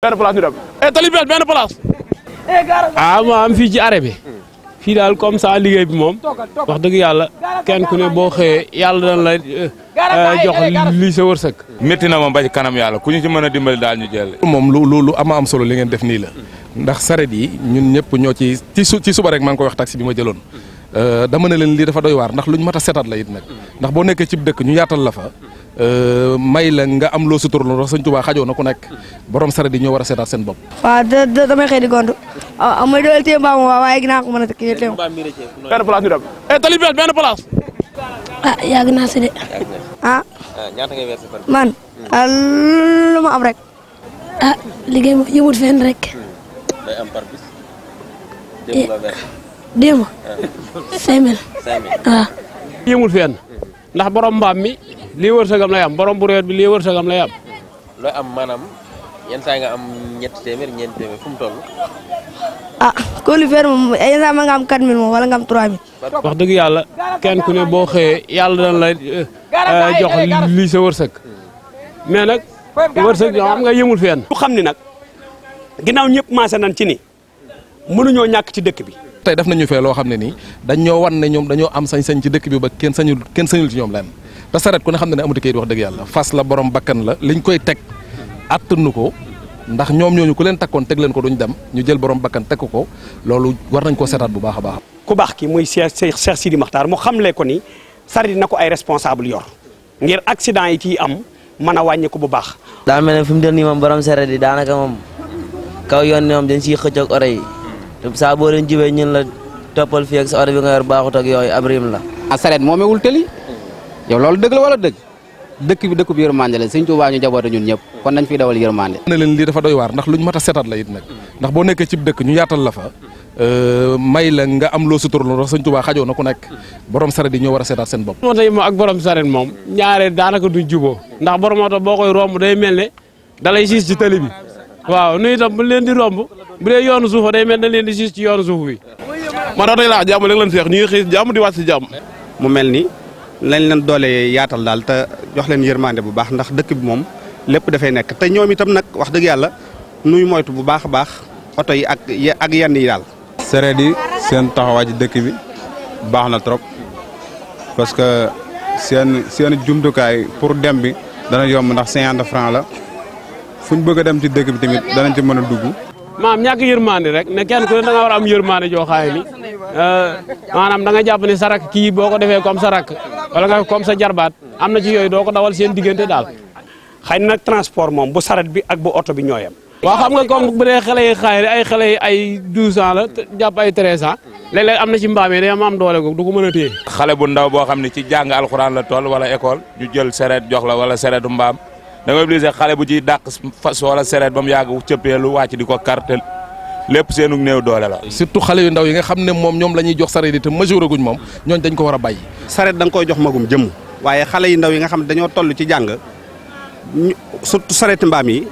benn place ñu dem eh tali benn benn place. Eh, ah, ma am fii ci arrêt bi. fii daal comme ça liggéey bi moom wax dëgg yàlla kenn ku ne boo xëyee yàlla dana la eh, eh, jox li sa wërsëg. métti na ma ba kanam yàlla ku ñu ci mën a dimbali daal ñu jël. moom lu lu lu ama am solo li ngeen def nii la ndax saret yi ñun ñëpp ñoo ci ci su ci suba rek maa ngi koy wax taxi bi ma jëloon. Mm. dama ne leen lii dafa doy waar ndax luñ mat a seetaat la it nag mm. ndax boo nekkee cib dëkk ñu yaatal la fa. Euh, may la nga am loo suturloo Sëñ Tuubaa xajoo na ku nek borom sare di ñu wara sétal seen bop fa da da damay xëy di gont ah am ah, na doole téye mbaa moom waaye ginnaaw ko mëna a kii téye. benn place ñu dem eh talib bi benn place. ah ya gina ci de. Ah. ah. ñaata ngay verser fan. man ah, lu ma am rek. ah liggéey ma yëmut fenn rek. day am par bis. Eh, dem la verser. dem 5000 5000 ah mille yëmut fenn ndax borom mbaam mi li wër sagam lay am borom bu réer bi li wër sagam lay am. lo am manam yeen saa nga am ñet témer ñen témer fu mu toll. ah ko li fer mom ay sa ma nga am 4000 moom wala nga am 3000. wax deug yalla kenn ku ne bo xey yalla dañ lay eh, eh, jox li sa wër wërsëg mais nak wër wërsëg yo am nga yëmul fenn. ku xamni nak ginaaw ñepp ma sa nan ci ni mënu ñoo ñak ci dëkk bi. tay def nañu fe lo xamni ni dañ ñoo wan ne ñom dañoo am sañ-sañ ci dëkk bi ba kenn sañul kenn sañul ci ñom lenn da saret ku ne xam ne ne amatu fasla wax deug yalla fas la borom bakkan la liñ koy tek attanu ko ndax ñom ñoñu ku len takkon tek len ko duñ dem ñu jël borom bakkan tek ko lolu war nañ ko bu baaxa baax. ku bax ki muy Cheikh Cheikh Sidi Makhtar mu xamle ko ni saret nako ay responsable yor ngir accident yi ci am mana a ko bu baax. da melni ne del ni mom borom saret yi daanaka mom kaw yon ñom dañ ci xëccoog ore yi te leen ñun la topal fi ak sa ore bi nga yor baaxut ak yoy abrim la a ah, saret momewul teli yow lolou deug la wala deug deuk bi deuk bi yermande la seigne touba ñu jaboote ñun ñep kon nañ fi dawal yermande na leen li dafa doy war ndax luñu mata setat la yit nak ndax bo nekk ci deuk ñu yaatal la fa euh, may la nga am lo sutur ndax seigne touba xajoo na ku nekk borom sare di ñoo wara setat seen bop oto yi moom ak borom sare mom ñaare daanaka duñ jubo ndax borom auto bokoy romb day melne dalay da ci tele bi waaw nuy tam bu leen di romb bu le yoonu suufa day melne leen di siis ci yoonu suuf bi ma oto yi laa leen seex ñu ngi xiis di wat ci jamm mu melni lañ leen doole yaatal daal te jox leen yërmande bu baax ndax dëkk bi moom lépp dafay nekk te ñoom tam nag wax dëgg yàlla nuy moytu bu baax a baax oto yi ak ak yenn yi daal. sareet di seen taxawaay ci dëkk bi baax na trop parce que seen seen jumtukaay pour dem bi dana yomb ndax cinquante franc la fu ñu bëgg a dem ci dëkk bi tamit danañ ci mën a dugg. maam ñàkk yërmande rek ne kenn ku ne da nga war a am euh, maanaam da nga sarak kii boo ko wala nga comme sa jarbaat am na ci yooyu doo ko dawal seen diggante daal xëy na transport moom bu saret bi ak bu oto bi ñooyam waaw xam nga comme bu dee xale yi xaay ay xale yi ay 12 ans la jàpp ay 13 ans léeg am na ci mbaam yi day am am doole du ko mën a téye xale bu ndaw boo xam ne ci jàng alxuraan la toll wala école ñu jël saret jox la wala saretu mbaam da nga xale bu ciy dàq fas wala saret ba mu yàgg cëppeelu wàcc di ko karte lépp seenu néew doole la surtout xale yu ndaw yi nga xam ne moom ñoom la ñuy jox sareet yi te mesure guñ moom ñooñ dañ ko war a bàyyi sareet da nga koy jox magum jëmm waaye xale yu ndaw yi nga xam ne dañoo toll ci jàng surtout sareeti mbaam yi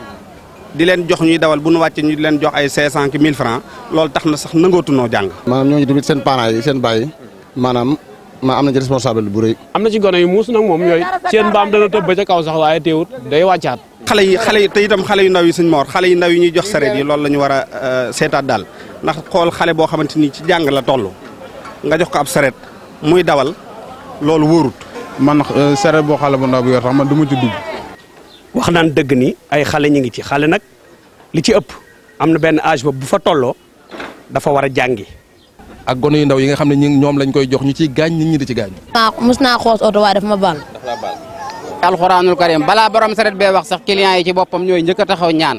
di leen jox ñuy dawal bu nu wàccee ñu leen jox ay 500 ki mille francs loolu tax na sax nangootunoo jàng maanaam ñooñu tamit seen parents yi seen baay maanaam maa am na ci responsable bu rëy am na ci gone yu muus nag moom yooyu seen mbaam dana tëb ba kaw sax waaye teewut day wàccaat xale yi xale yi te itam xale yu ndaw yi sëñ Mor xale yu ndaw yi ñuy jox sareet yi loolu la ñu war a euh, seetaat daal ndax xool xale boo xamante ni ci jàng la toll nga jox ko ab sareet muy dawal loolu wóorut. man euh, sareet boo xale bu ndaw bi yor man du ma ci dugg. wax naan dëgg ni ay xale ñu ngi ci xale nag li ci ëpp am na benn âge boobu bu fa tolloo dafa war a jàngi. ak gone yu ndaw yi nga xam ne ñoom lañ koy jox ñu ciy gaañ nit ñi di ci gaañ. mos naa xoos oto waaye dafa ma baal. alxuraanul karim balaa borom saret bee wax sax client yi ci boppam ñooy njëkk a taxaw ñaan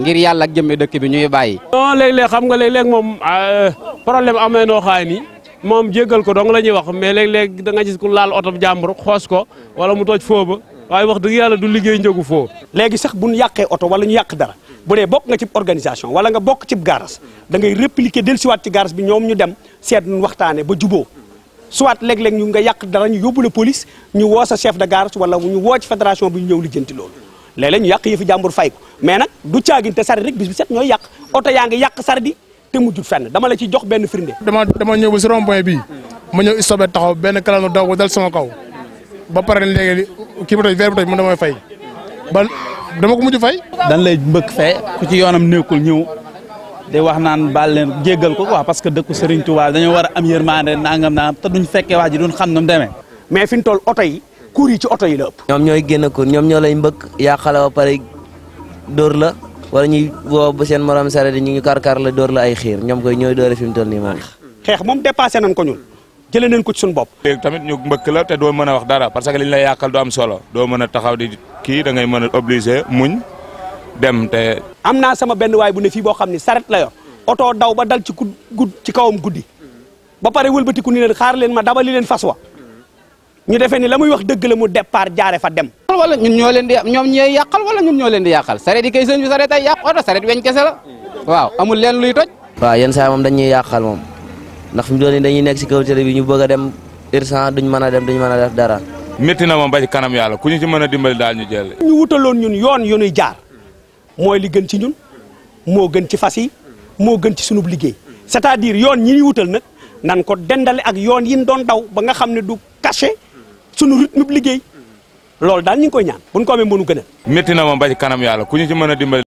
ngir yàlla ak jëmmi dëkk bi ñuy bàyyi. non léeg-léeg xam nga léeg-léeg moom euh, problème amee noo xaay ni moom jéggal ko dong la ñuy wax mais léeg-léeg da nga gis ku laal oto jàmbur xoos ko wala mu toj foo ba waaye wax dëgg yàlla du liggéey njëgu foo. léegi sax bu ñu yàqee oto wala ñu yàq dara bu dee bokk nga ci organisation wala nga bokk cib garas da ngay répliquer dellusiwaat ci garas bi ñoom ñu dem seet waxtaane ba juboo soit léeg-léeg ñu nga yàq dara ñu yóbbu la police ñu woo sa chef de gare wala ñu woo ci fédération bi ñu ñëw lijjanti loolu léeg-léeg ñu yàq yëfi jàmbur fay ko mais nag du caaginte sari rek bis bi set ñooy yàq oto yaa ngi yàq sari di te mujjul fenn dama la ci jox benn firnde dama dama ñëw ba si rond-point bii ma ñëw stoppé taxaw benn kalanu daw dal sama kaw ba pare léegi kii ba toj verre ba toj mu damay fay ba dama ko mujj fay dañ lay mbëkk fee ku ci yoonam nekkul ñëw di wax naan baal leen jéggal ko quoi parce que dëkku Serigne Touba dañoo war a am yërmande nangam naam te duñ fekkee wax ji duñ xam nu mu mais fi ñu toll oto yi kuur yi ci oto yi la ëpp. ñoom ñooy génn kuur ñoom ñoo lay mbëkk yàqale ba pare dóor la wala ñuy woo ba seen morom saret ñu ngi karkar la dóor la ay xiir ñoom koy ñooy dóore fi mu toll nii moom. xeex moom dépassé nañ ko ñun jëlee nañ ko ci suñu bopp. léegi tamit ñu mbëkk la te doo mën a wax dara parce que liñ lay yàqal du am solo doo mën a taxaw di kii da ngay mën a obligé muñ dem amna sama benn waay bu ne fii boo xam ne saret la yor oto daw ba dal ci gud ci kawam gudi. ba pare wëlbatiku ni leen xaar leen ma dabali leen fas wa ñu defee ni la wax dëgg la mu départ jaare fa dem wala ñun ñoo leen di ñoom ñooy yàqal wala ñun ñoo leen di yàqal saret yi kay sëñ bi saret ay yàq oto saret weñ kese waaw amul leen luy toj waaw yenn saa moom dañuy yàqal moom ndax fi mu dañuy kaw bi ñu bëgg dem duñ dem duñ def dara na ba ci kanam ku ñu ci dimbali ñu jël ñu wutaloon ñun yoon yu ñuy jaar mooy li gën ci ñun moo gën ci fas yi moo gën ci sunub liggéey c'est-à-dire yoon ñi ñuy wutal nag nan ko dendale ak yoon yi ñu doon daw ba nga xam ne du caché sunu rythme liggéey loolu daal ñu ngi koy ñaan buñ ko amee mënu gën a. metti na ma ba ci kanam yàlla ku ñu ci mën a dimbale